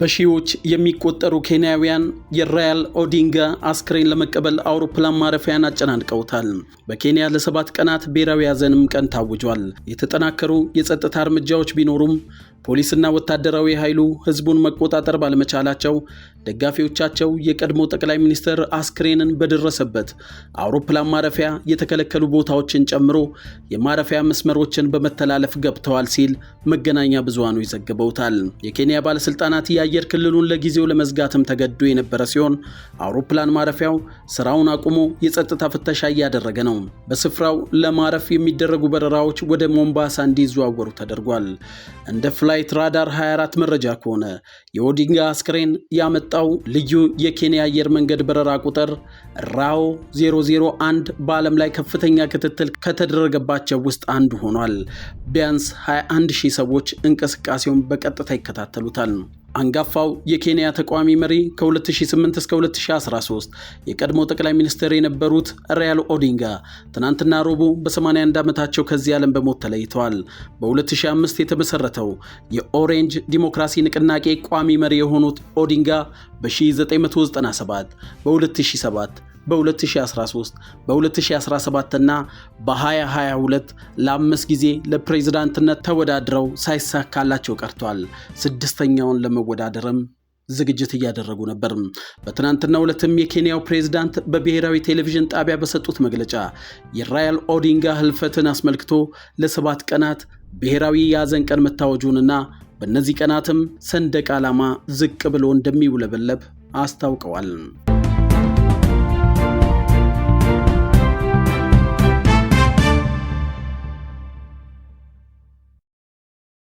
በሺዎች የሚቆጠሩ ኬንያውያን የራያል ኦዲንጋ አስክሬን ለመቀበል አውሮፕላን ማረፊያን አጨናንቀውታል። በኬንያ ለሰባት ቀናት ብሔራዊ ሐዘንም ቀን ታውጇል። የተጠናከሩ የጸጥታ እርምጃዎች ቢኖሩም ፖሊስና ወታደራዊ ኃይሉ ህዝቡን መቆጣጠር ባለመቻላቸው ደጋፊዎቻቸው የቀድሞ ጠቅላይ ሚኒስትር አስክሬንን በደረሰበት አውሮፕላን ማረፊያ የተከለከሉ ቦታዎችን ጨምሮ የማረፊያ መስመሮችን በመተላለፍ ገብተዋል ሲል መገናኛ ብዙሃኑ ይዘግበውታል። የኬንያ ባለስልጣናት ። የአየር ክልሉን ለጊዜው ለመዝጋትም ተገዶ የነበረ ሲሆን አውሮፕላን ማረፊያው ስራውን አቁሞ የጸጥታ ፍተሻ እያደረገ ነው። በስፍራው ለማረፍ የሚደረጉ በረራዎች ወደ ሞምባሳ እንዲዘዋወሩ ተደርጓል። እንደ ፍላይት ራዳር 24 መረጃ ከሆነ የኦዲንጋ አስክሬን ያመጣው ልዩ የኬንያ አየር መንገድ በረራ ቁጥር ራኦ 001 በዓለም ላይ ከፍተኛ ክትትል ከተደረገባቸው ውስጥ አንዱ ሆኗል። ቢያንስ 21 ሺህ ሰዎች እንቅስቃሴውን በቀጥታ ይከታተሉታል። አንጋፋው የኬንያ ተቃዋሚ መሪ ከ2008 እስከ 2013 የቀድሞ ጠቅላይ ሚኒስትር የነበሩት ሪያል ኦዲንጋ ትናንትና ረቡዕ በ81 ዓመታቸው ከዚህ ዓለም በሞት ተለይተዋል። በ2005 የተመሠረተው የኦሬንጅ ዲሞክራሲ ንቅናቄ ቋሚ መሪ የሆኑት ኦዲንጋ በ1997፣ በ2007 በ2013 በ2017ና በ2022 ለአምስት ጊዜ ለፕሬዝዳንትነት ተወዳድረው ሳይሳካላቸው ቀርቷል። ስድስተኛውን ለመወዳደርም ዝግጅት እያደረጉ ነበር። በትናንትናው ዕለትም የኬንያው ፕሬዝዳንት በብሔራዊ ቴሌቪዥን ጣቢያ በሰጡት መግለጫ የራያል ኦዲንጋ ህልፈትን አስመልክቶ ለሰባት ቀናት ብሔራዊ የሐዘን ቀን መታወጁንና በእነዚህ ቀናትም ሰንደቅ ዓላማ ዝቅ ብሎ እንደሚውለበለብ አስታውቀዋል።